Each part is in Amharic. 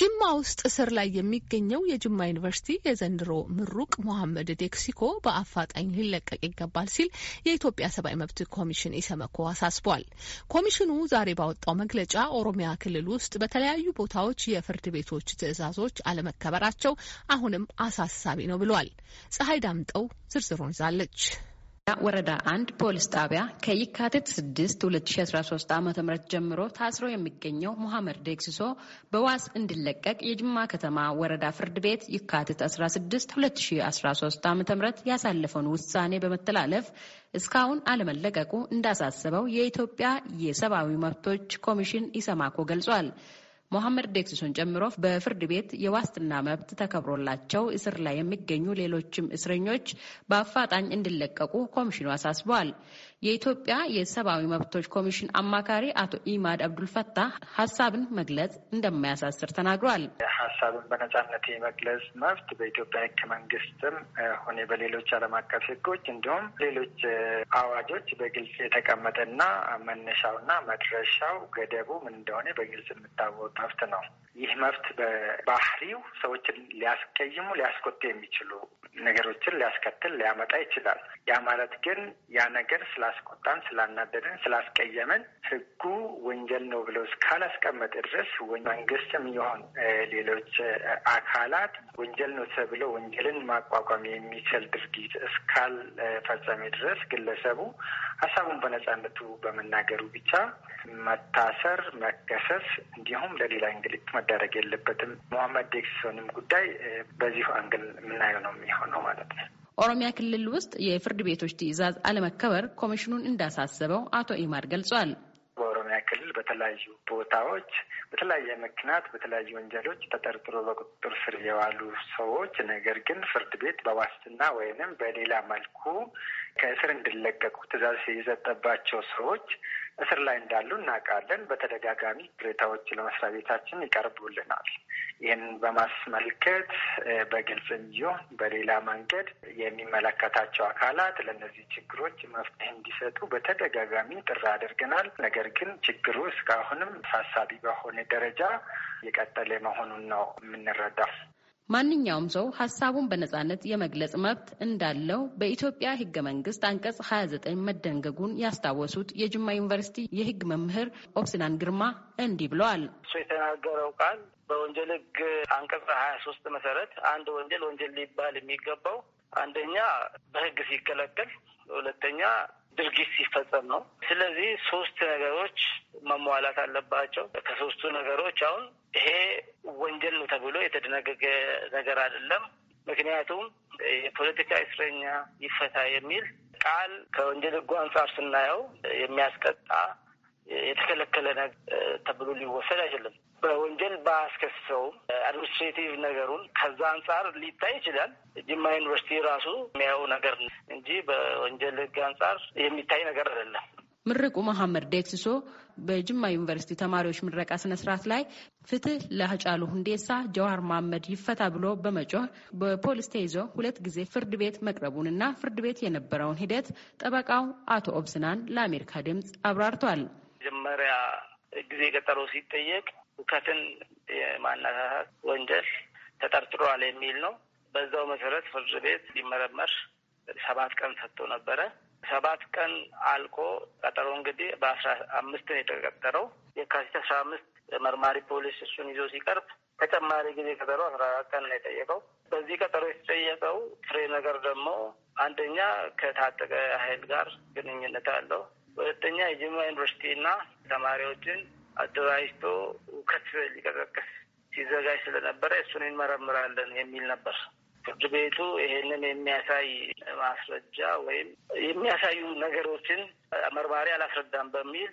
ጅማ ውስጥ እስር ላይ የሚገኘው የጅማ ዩኒቨርሲቲ የዘንድሮ ምሩቅ ሞሐመድ ዴክሲኮ በአፋጣኝ ሊለቀቅ ይገባል ሲል የኢትዮጵያ ሰብአዊ መብት ኮሚሽን ኢሰመኮ አሳስቧል። ኮሚሽኑ ዛሬ ባወጣው መግለጫ ኦሮሚያ ክልል ውስጥ በተለያዩ ቦታዎች የፍርድ ቤቶች ትዕዛዞች አለመከበራቸው አሁንም አሳሳቢ ነው ብሏል። ፀሐይ ዳምጠው ዝርዝሩን ይዛለች። ወረዳ አንድ ፖሊስ ጣቢያ ከየካቲት 6 2013 ዓ ም ጀምሮ ታስሮ የሚገኘው ሙሐመድ ደግሲሶ በዋስ እንዲለቀቅ የጅማ ከተማ ወረዳ ፍርድ ቤት የካቲት 16 2013 ዓ ም ያሳለፈውን ውሳኔ በመተላለፍ እስካሁን አለመለቀቁ እንዳሳሰበው የኢትዮጵያ የሰብአዊ መብቶች ኮሚሽን ኢሰማኮ ገልጿል። ሞሐመድ ዴክሲሶን ጨምሮ በፍርድ ቤት የዋስትና መብት ተከብሮላቸው እስር ላይ የሚገኙ ሌሎችም እስረኞች በአፋጣኝ እንዲለቀቁ ኮሚሽኑ አሳስበዋል። የኢትዮጵያ የሰብአዊ መብቶች ኮሚሽን አማካሪ አቶ ኢማድ አብዱልፈታ ሀሳብን መግለጽ እንደማያሳስር ተናግሯል። ሀሳብን በነጻነት የመግለጽ መብት በኢትዮጵያ ሕገ መንግስትም ሆነ በሌሎች ዓለም አቀፍ ሕጎች እንዲሁም ሌሎች አዋጆች በግልጽ የተቀመጠና መነሻውና መድረሻው ገደቡ ምን እንደሆነ በግልጽ የምታወቅ መብት ነው። ይህ መብት በባህሪው ሰዎችን ሊያስቀይሙ፣ ሊያስቆጡ የሚችሉ ነገሮችን ሊያስከትል ሊያመጣ ይችላል። ያ ማለት ግን ያ ነገር ስላስቆጣን፣ ስላናደደን፣ ስላስቀየመን ህጉ ወንጀል ነው ብለው እስካላስቀመጠ ድረስ መንግስትም ይሆን ሌሎች አካላት ወንጀል ነው ተብለው ወንጀልን ማቋቋም የሚችል ድርጊት እስካልፈጸመ ድረስ ግለሰቡ ሀሳቡን በነጻነቱ በመናገሩ ብቻ መታሰር፣ መከሰስ እንዲሁም ሌላ እንግልት መዳረግ የለበትም። መሐመድ ዴክሲሶንም ጉዳይ በዚሁ አንግል የምናየው ነው የሚሆነው ማለት ነው። ኦሮሚያ ክልል ውስጥ የፍርድ ቤቶች ትዕዛዝ አለመከበር ኮሚሽኑን እንዳሳሰበው አቶ ኢማድ ገልጿል። በኦሮሚያ ክልል በተለያዩ ቦታዎች በተለያየ ምክንያት በተለያዩ ወንጀሎች ተጠርጥሮ በቁጥጥር ስር የዋሉ ሰዎች ነገር ግን ፍርድ ቤት በዋስትና ወይንም በሌላ መልኩ ከእስር እንዲለቀቁ ትዕዛዝ የሰጠባቸው ሰዎች እስር ላይ እንዳሉ እናውቃለን። በተደጋጋሚ ቅሬታዎች ለመስሪያ ቤታችን ይቀርቡልናል። ይህን በማስመልከት በግልጽ እንዲሆን በሌላ መንገድ የሚመለከታቸው አካላት ለእነዚህ ችግሮች መፍትሄ እንዲሰጡ በተደጋጋሚ ጥሪ አድርገናል። ነገር ግን ችግሩ እስካሁንም ሳሳቢ በሆነ ደረጃ የቀጠለ መሆኑን ነው የምንረዳው። ማንኛውም ሰው ሀሳቡን በነጻነት የመግለጽ መብት እንዳለው በኢትዮጵያ ህገ መንግስት አንቀጽ 29 መደንገጉን ያስታወሱት የጅማ ዩኒቨርሲቲ የህግ መምህር ኦፕሲናን ግርማ እንዲህ ብለዋል። እሱ የተናገረው ቃል በወንጀል ህግ አንቀጽ 23 መሰረት አንድ ወንጀል ወንጀል ሊባል የሚገባው አንደኛ በህግ ሲከለከል፣ ሁለተኛ ድርጊት ሲፈጸም ነው። ስለዚህ ሶስት ነገሮች መሟላት አለባቸው። ከሶስቱ ነገሮች አሁን ይሄ ወንጀል ነው ተብሎ የተደነገገ ነገር አይደለም። ምክንያቱም የፖለቲካ እስረኛ ይፈታ የሚል ቃል ከወንጀል ሕጉ አንጻር ስናየው የሚያስቀጣ የተከለከለ ተብሎ ሊወሰድ አይችልም። በወንጀል ባያስከስሰውም አድሚኒስትሬቲቭ ነገሩን ከዛ አንጻር ሊታይ ይችላል። ጅማ ዩኒቨርሲቲ ራሱ የሚያየው ነገር እንጂ በወንጀል ህግ አንጻር የሚታይ ነገር አይደለም። ምርቁ መሐመድ ደክስሶ በጅማ ዩኒቨርሲቲ ተማሪዎች ምረቃ ስነ ስርዓት ላይ ፍትህ ለሀጫሉ ሁንዴሳ ጀዋር መሐመድ ይፈታ ብሎ በመጮህ በፖሊስ ተይዞ ሁለት ጊዜ ፍርድ ቤት መቅረቡንና ፍርድ ቤት የነበረውን ሂደት ጠበቃው አቶ ኦብስናን ለአሜሪካ ድምፅ አብራርቷል። መጀመሪያ ጊዜ ቀጠሮ ሲጠየቅ ሁከትን የማነሳሳት ወንጀል ተጠርጥሯል የሚል ነው። በዛው መሰረት ፍርድ ቤት ሊመረመር ሰባት ቀን ሰጥቶ ነበረ። ሰባት ቀን አልቆ ቀጠሮ እንግዲህ በአስራ አምስት ነው የተቀጠረው። የካቲት አስራ አምስት መርማሪ ፖሊስ እሱን ይዞ ሲቀርብ ተጨማሪ ጊዜ ቀጠሮ አስራ አራት ቀን ነው የጠየቀው። በዚህ ቀጠሮ የተጠየቀው ፍሬ ነገር ደግሞ አንደኛ ከታጠቀ ኃይል ጋር ግንኙነት አለው፣ ሁለተኛ የጅማ ዩኒቨርሲቲ እና ተማሪዎችን አደራጅቶ ውከት ሊቀሰቅስ ሲዘጋጅ ስለነበረ እሱን እንመረምራለን የሚል ነበር። ፍርድ ቤቱ ይሄንን የሚያሳይ ማስረጃ ወይም የሚያሳዩ ነገሮችን መርማሪ አላስረዳም በሚል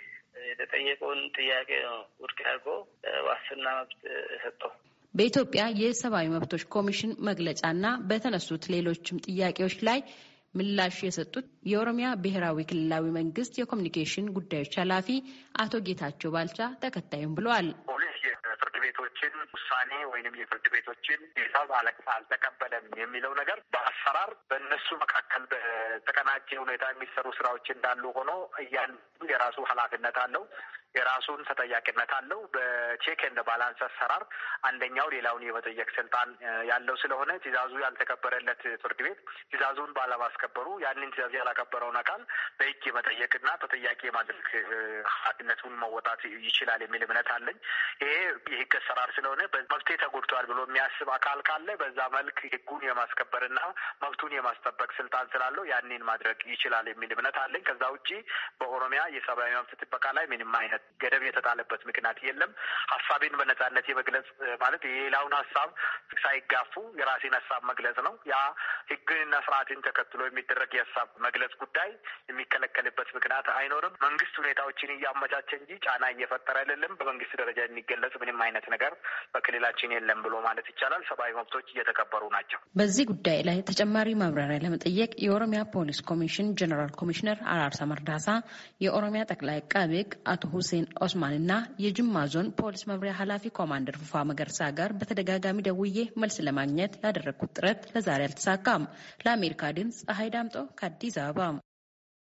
የተጠየቀውን ጥያቄ ነው ውድቅ አድርጎ ዋስትና መብት ሰጠው። በኢትዮጵያ የሰብአዊ መብቶች ኮሚሽን መግለጫና በተነሱት ሌሎችም ጥያቄዎች ላይ ምላሽ የሰጡት የኦሮሚያ ብሔራዊ ክልላዊ መንግስት የኮሚኒኬሽን ጉዳዮች ኃላፊ አቶ ጌታቸው ባልቻ ተከታዩም ብለዋል። የፍርድ ቤቶችን ውሳኔ ወይንም የፍርድ ቤቶችን ሂሳብ አልተቀበለም የሚለው ነገር በአሰራር በእነሱ መካከል በተቀናጀ ሁኔታ የሚሰሩ ስራዎች እንዳሉ ሆኖ እያን የራሱ ኃላፊነት አለው። የራሱን ተጠያቂነት አለው። በቼክ ኤንድ ባላንስ አሰራር አንደኛው ሌላውን የመጠየቅ ስልጣን ያለው ስለሆነ ትዕዛዙ ያልተከበረለት ፍርድ ቤት ትዕዛዙን ባለማስከበሩ ያንን ትዕዛዝ ያላከበረውን አካል በህግ የመጠየቅና ተጠያቂ የማድረግ ኃላፊነቱን መወጣት ይችላል የሚል እምነት አለኝ። ይሄ የህግ አሰራር ስለሆነ መብቴ ተጎድቷል ብሎ የሚያስብ አካል ካለ በዛ መልክ ህጉን የማስከበርና መብቱን የማስጠበቅ ስልጣን ስላለው ያንን ማድረግ ይችላል የሚል እምነት አለኝ። ከዛ ውጭ በኦሮሚያ የሰብአዊ መብት ጥበቃ ላይ ምንም አይነት ገደብ የተጣለበት ምክንያት የለም። ሀሳቤን በነጻነት የመግለጽ ማለት የሌላውን ሀሳብ ሳይጋፉ የራሴን ሀሳብ መግለጽ ነው። ያ ህግንና ስርዓትን ተከትሎ የሚደረግ የሀሳብ መግለጽ ጉዳይ የሚከለከልበት ምክንያት አይኖርም። መንግስት ሁኔታዎችን እያመቻቸ እንጂ ጫና እየፈጠረ አይደለም። በመንግስት ደረጃ የሚገለጽ ምንም አይነት ነገር በክልላችን የለም ብሎ ማለት ይቻላል። ሰብአዊ መብቶች እየተከበሩ ናቸው። በዚህ ጉዳይ ላይ ተጨማሪ ማብራሪያ ለመጠየቅ የኦሮሚያ ፖሊስ ኮሚሽን ጀኔራል ኮሚሽነር አራርሳ መርዳሳ፣ የኦሮሚያ ጠቅላይ አቃቤ ህግ አቶ ሁሴን እና የጅማ ዞን ፖሊስ መምሪያ ኃላፊ ኮማንደር ፉፋ መገርሳ ጋር በተደጋጋሚ ደውዬ መልስ ለማግኘት ያደረግኩት ጥረት ለዛሬ አልተሳካም። ለአሜሪካ ድምፅ ፀሐይ ዳምጦ ከአዲስ አበባ